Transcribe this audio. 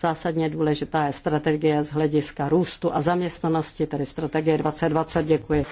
Zásadně důležitá je strategie z hlediska růstu a zaměstnanosti, tedy strategie 2020. Děkuji.